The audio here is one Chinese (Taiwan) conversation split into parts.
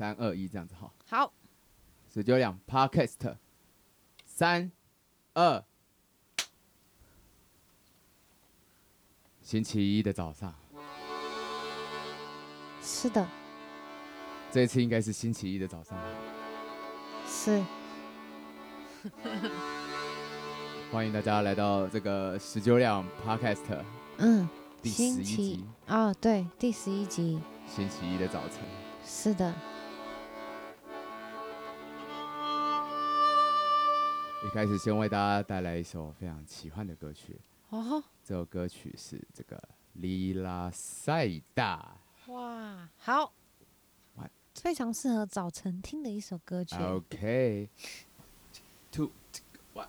三二一，這樣子好。好，十九兩 podcast，三二， 星期一的早上。是的。這次應該是星期一的早上。是 。歡迎大家來到這個十九兩 podcast。嗯。第十一集。星期，哦，對，第十一集。星期一的早晨。是的。開始，先為大家帶來一首非常喜歡的歌曲。哦，這首歌曲是這個《里拉塞達》。哇，好，one, 非常適合早晨聽的一首歌曲。Okay, two, one。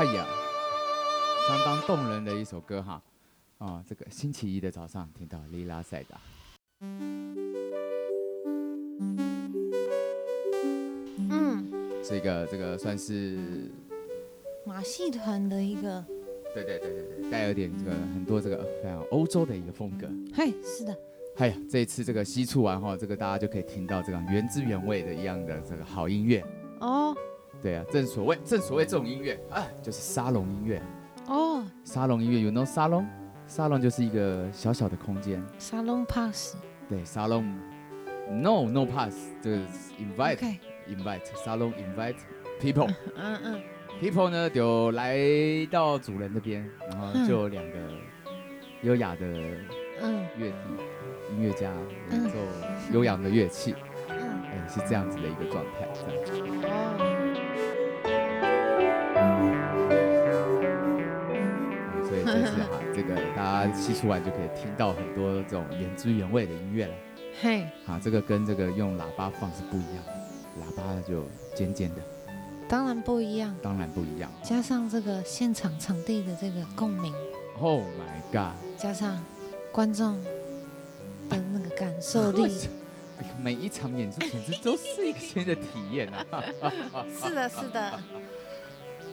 哎呀，相當動人的一首歌哈，啊、哦，這個星期一的早上聽到里拉賽達。嗯，這個這個算是馬戲團的一個，對對對對對，帶有點這個很多這個非常歐洲的一個風格，嘿，是的，哎呀，這一次這個西出完後，這個大家就可以聽到這個原汁原味的一樣的這個好音樂。對啊，正所謂，正所謂這種音樂，啊，就是沙龍音樂。哦、oh.。沙龍音樂 you know, 沙龍，沙龍就是一個小小的空間。沙龍 pass。對，沙龍 no no pass 就是 invite、okay. invite 沙龍 invite people。嗯嗯。people 呢，就來到主人那邊，然後就有兩個優雅的嗯樂，uh, uh, uh. 音樂家演奏悠揚的樂器。嗯、uh, uh, uh. 欸。是這樣子的一個狀態。哦。Uh. 啊，吸出來就可以聽到很多這種原汁原味的音樂了。嘿，啊，這個跟這個用喇叭放是不一樣的，喇叭就尖尖的，當然不一樣，當然不一樣，加上這個現場場地的這個共鳴，Oh my God，加上觀眾的那個感受力，每一場演出簡直都是一個新的體驗啊！是的，是的，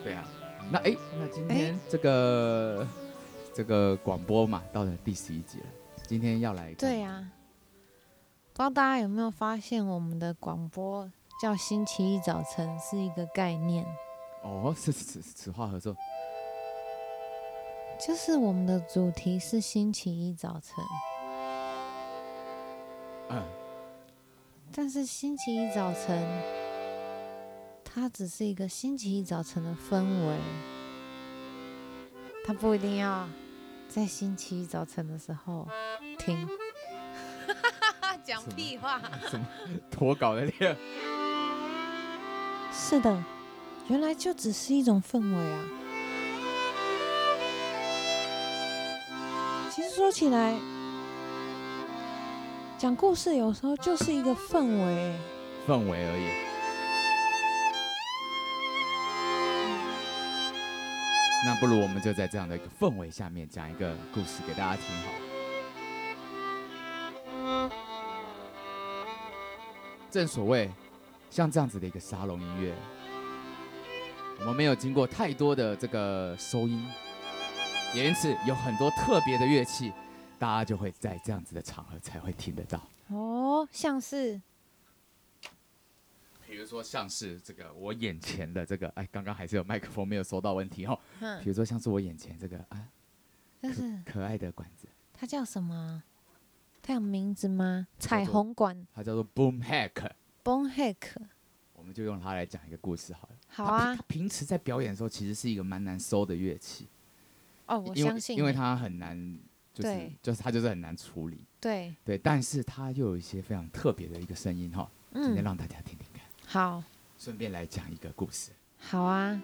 對啊，那哎、欸，那今天這個。這個廣播嘛，到了第十一集了。今天要來一個，對呀、啊。不知道大家有沒有發現，我們的廣播叫“星期一早晨”是一個概念。哦，是此此話何說？就是我們的主題是“星期一早晨”。嗯。但是“星期一早晨”它只是一個“星期一早晨”的氛圍，它不一定要。在星期一早晨的時候，聽講 屁話，怎麼脫稿的練？是的，原來就只是一種氛圍啊。其實說起來，講故事有時候就是一個氛圍， 氛圍而已。那不如我們就在這樣的一個氛圍下面講一個故事給大家聽，好。正所謂，像這樣子的一個沙龍音樂，我們沒有經過太多的這個收音，也因此有很多特別的樂器，大家就會在這樣子的場合才會聽得到。哦，像是。比如說像是這個我眼前的這個，哎，剛剛還是有麥克風沒有收到問題哦、喔嗯。比如說像是我眼前這個啊這可，可愛的管子，它叫什麼？它有名字嗎？彩虹管。它叫做 Boom Hack。Boom Hack。我們就用它來講一個故事好了。好啊。它它平時在表演的時候，其實是一個蠻難收的樂器。哦，我相信因。因為它很難，就是對就是它就是很難處理。對。對，但是它又有一些非常特別的一個聲音哈、嗯，今天讓大家聽。好，順便來講一個故事。好啊。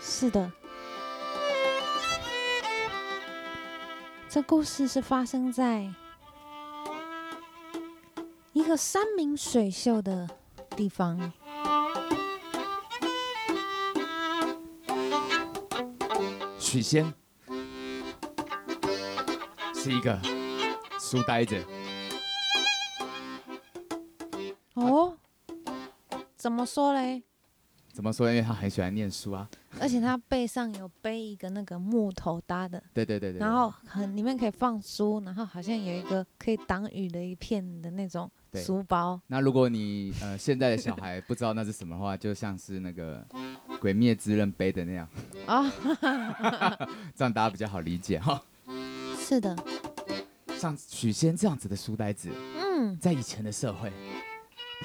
是的。這故事是發生在一個山明水秀的地方。許仙是一個書呆子。哦，怎麼說嘞？怎麼說？因為他很喜歡念書啊。而且他背上有背一個那個木頭搭的，對對，對對對對，然後很裡面可以放書，然後好像有一個可以擋雨的一片的那種書包。那如果你呃現在的小孩不知道那是什麼的話， 就像是那個鬼滅之刃背的那樣啊， 這樣大家比較好理解哈。是的，像許仙這樣子的書呆子，嗯，在以前的社會，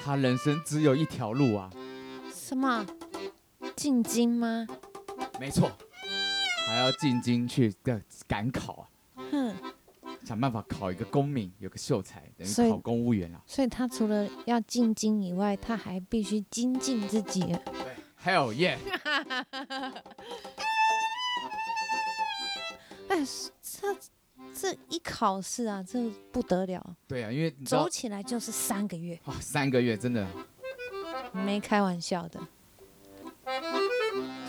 他人生只有一條路啊，什麼進京嗎？沒錯，還要進京去要趕考啊哼，想辦法考一個功名，有個秀才等於考公務員啊。所以，所以他除了要進京以外，他還必須精進自己啊。對，還有耶。 哎，這這一考試啊，這不得了。對啊，因為走起來就是三個月。哦，三個月真的？沒開玩笑的。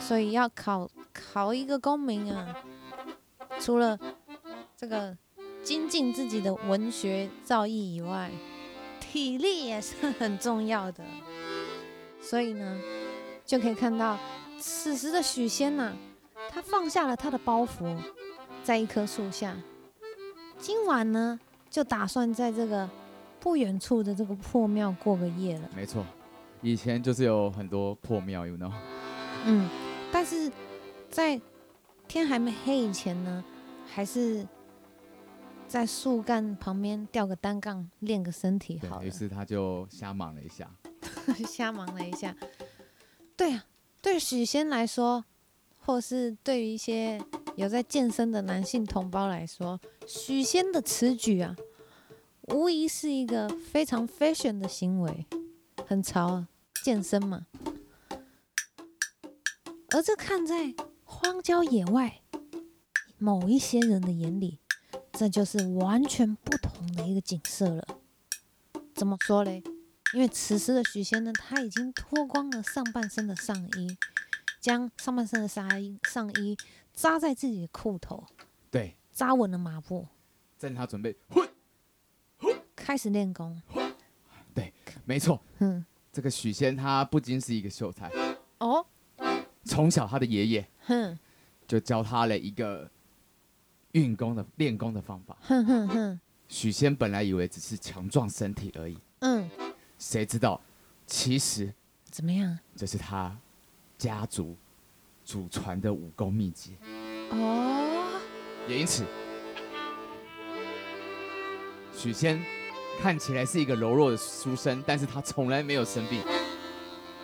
所以要考考一個功名啊，除了這個精進自己的文學造詣以外，體力也是很重要的。所以呢，就可以看到此時的許仙吶、啊，他放下了他的包袱，在一棵樹下，今晚呢就打算在這個不遠處的這個破廟過個夜了。沒錯，以前就是有很多破廟，you know？嗯。但是在天還沒黑以前呢，還是在樹幹旁邊吊個單槓練個身體好。於是他就瞎忙了一下， 瞎忙了一下。對啊，對許仙來說，或是對於一些有在健身的男性同胞來說，許仙的此舉啊，無疑是一個非常 fashion 的行為，很潮啊，健身嘛。而這看在荒郊野外某一些人的眼裡，這就是完全不同的一個景色了。怎麼說嘞？因為此時的許仙呢，他已經脫光了上半身的上衣，將上半身的紗衣上衣紮在自己的褲頭，對，紮穩了馬步，在他準備，開始練功。對，沒錯，嗯，這個許仙他不僅是一個秀才，哦。從小，他的爺爺就教他了一個運功的練功的方法。許仙本來以為只是強壯身體而已，嗯，誰知道其實怎麼樣？這是他家族祖傳的武功秘籍。哦，也因此，許仙看起來是一個柔弱的書生，但是他從來沒有生病，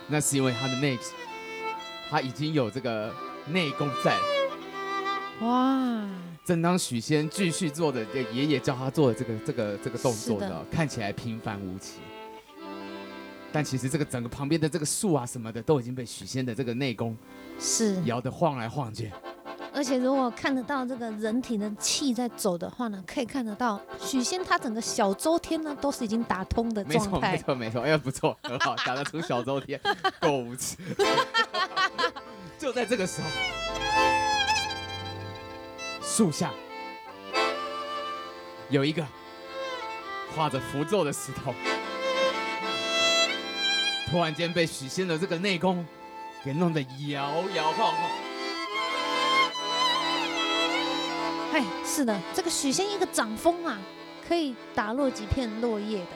那是因為他的內。他已經有這個內功在，哇！正當許仙繼續做着這爺爺教他做的這個這個這個動作的，看起來平凡無奇，但其實這個整個旁邊的這個樹啊什麼的，都已經被許仙的這個內功搖得晃來晃去。而且如果看得到這個人體的氣在走的話呢，可以看得到許仙他整個小周天呢都是已經打通的狀態。沒錯沒錯哎，不錯，很好，打得出小周天夠 無恥恥。 就在這個時候，樹下有一個畫着符咒的石頭，突然間被許仙的這個內功給弄得搖搖晃晃。哎，是的，這個許仙一個掌風啊，可以打落幾片落葉的。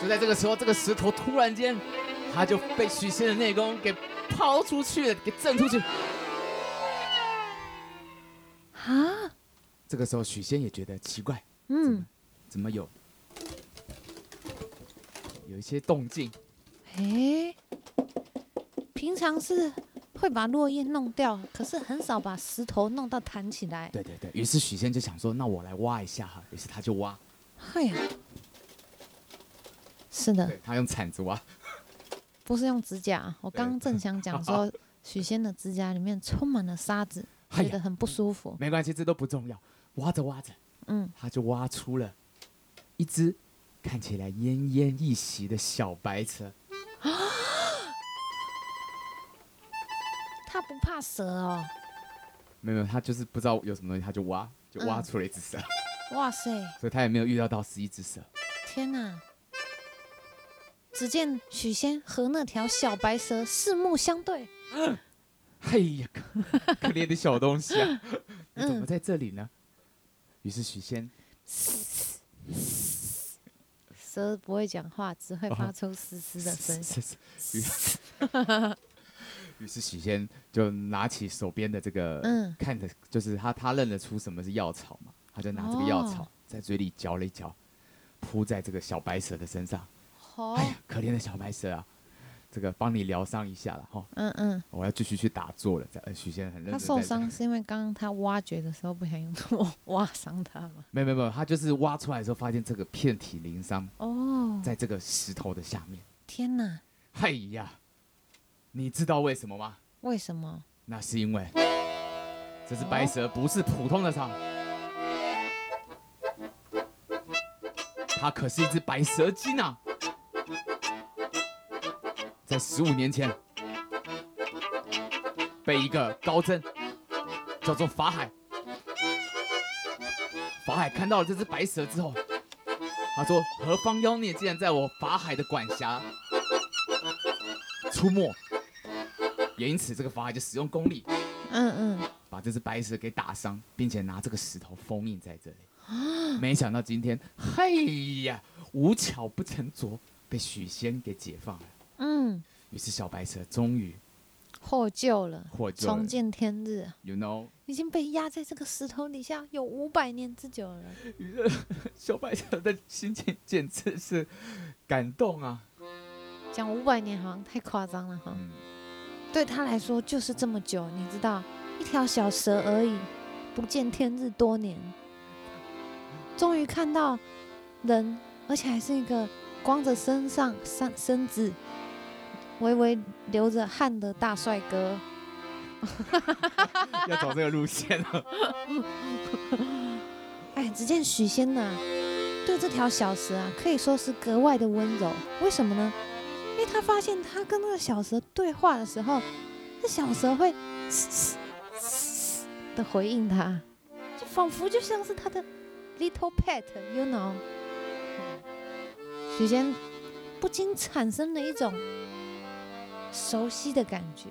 就在這個時候，這個石頭突然間，他就被許仙的內功給拋出去了，給震出去。啊！這個時候許仙也覺得奇怪，嗯，怎麼有有一些動靜？嘿，平常是。會把落葉弄掉，可是很少把石頭弄到彈起來。對對對，於是許仙就想說：“那我來挖一下哈、啊。”於是他就挖。哎呀，是的，他用鏟子挖，不是用指甲。我剛剛正想講說，好好許仙的指甲裡面充滿了沙子，哎、覺得很不舒服。嗯、沒關係，這都不重要。挖着挖着，嗯，他就挖出了，一隻，看起來奄奄一息的小白蛇。他不怕蛇哦，沒有，他就是不知道有什麼東西，他就挖，就挖出了一隻蛇、嗯。哇塞！所以他也沒有遇到到十一隻蛇。天哪、啊！只見許仙和那條小白蛇四目相對。哎、嗯、呀，可憐的小東西啊、嗯，你怎麼在這裡呢？於是許仙，蛇不會講話，只會發出嘶嘶的聲響。於是許仙就拿起手邊的這個，嗯，看着就是他，他認得出什麼是藥草嘛？他就拿這個藥草在嘴裡嚼了一嚼，鋪在這個小白蛇的身上。哦、哎呀，可憐的小白蛇啊，這個幫你療傷一下了哈。嗯嗯，我要繼續去打坐了。這許仙很認真。他受傷是因為剛剛他挖掘的時候不想用這麼挖傷他嗎？沒有沒有沒有，他就是挖出來的時候發現這個遍體鱗傷。哦，在這個石頭的下面。天哪！哎呀。你知道為什麼嗎？為什麼？那是因為這隻白蛇，不是普通的蛇，哦。它可是一隻白蛇精啊！在十五年前，被一個高僧叫做法海。法海看到了這隻白蛇之後，他說：“何方妖孽竟然在我法海的管轄出沒？”也因此，這個法海就使用功力，嗯嗯，把這隻白蛇給打傷，並且拿這個石頭封印在這裡。啊！沒想到今天，嘿呀，無巧不成拙，被許仙給解放了。嗯。於是小白蛇終於獲救了，獲救了，重見天日。You know，已經被壓在這個石頭底下有五百年之久了。於是小白蛇的心情簡直是感動啊！講五百年好像太誇張了哈。嗯對他來說就是這麼久，你知道，一條小蛇而已，不見天日多年，終於看到人，而且還是一個光着身上身身子，微微流着汗的大帥哥。 要走這個路線了 。哎，只見許仙呢、啊，對這條小蛇啊，可以說是格外的溫柔，為什麼呢？他發現，他跟那個小蛇對話的時候，那小蛇會嘶嘶,嘶,嘶,嘶的回應他，就仿佛就像是他的 little pet，you know? 嗯，許仙不禁產生了一種熟悉的感覺。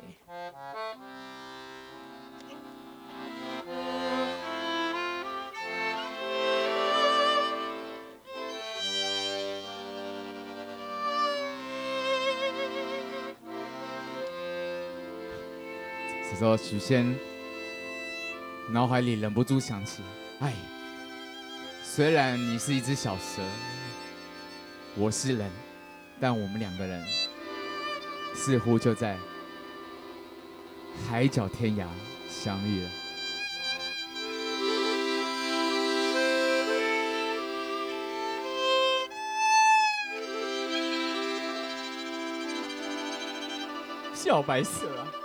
說許仙，腦海裡忍不住想起，哎，雖然你是一隻小蛇，我是人，但我們兩個人似乎就在海角天涯相遇了。小白蛇啊。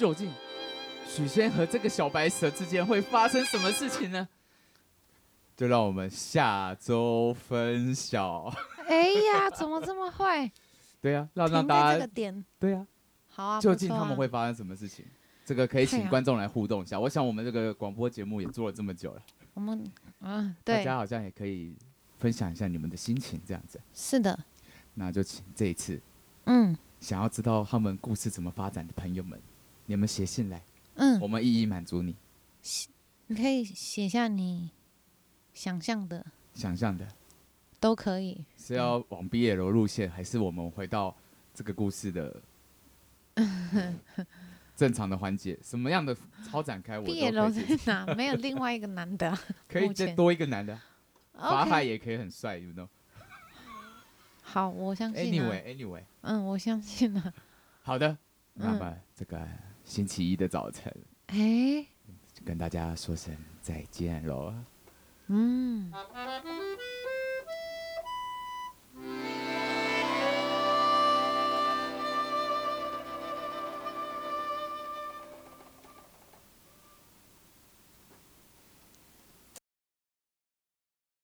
究竟許仙和這個小白蛇之間會發生什麼事情呢？就讓我們下周分曉。哎呀， 怎麼這麼壞？對呀、啊，要讓大家這個點。對呀、啊。好啊，不錯，究竟他們會發生什麼事情？啊、這個可以請觀眾來互動一下、啊。我想我們這個廣播節目也做了這麼久了，我們啊，對，大家好像也可以分享一下你們的心情，這樣子。是的。那就請這一次，嗯，想要知道他們故事怎麼發展的朋友們。你們寫信來，嗯，我們一一滿足你。寫，你可以寫下你想象的，想象的都可以。是要往 BL 路線，還是我們回到這個故事的正常的環節？ 什麼樣的超展開我？BL 在哪沒有另外一個男的、啊？ 可以再多一個男的，法、okay、海也可以很帥，you know。好，我相信、啊。Anyway，Anyway，anyway 嗯，我相信了、啊。好的，那麼、嗯、這個。星期一的早晨，欸，哎，跟大家說聲再見嘍。嗯。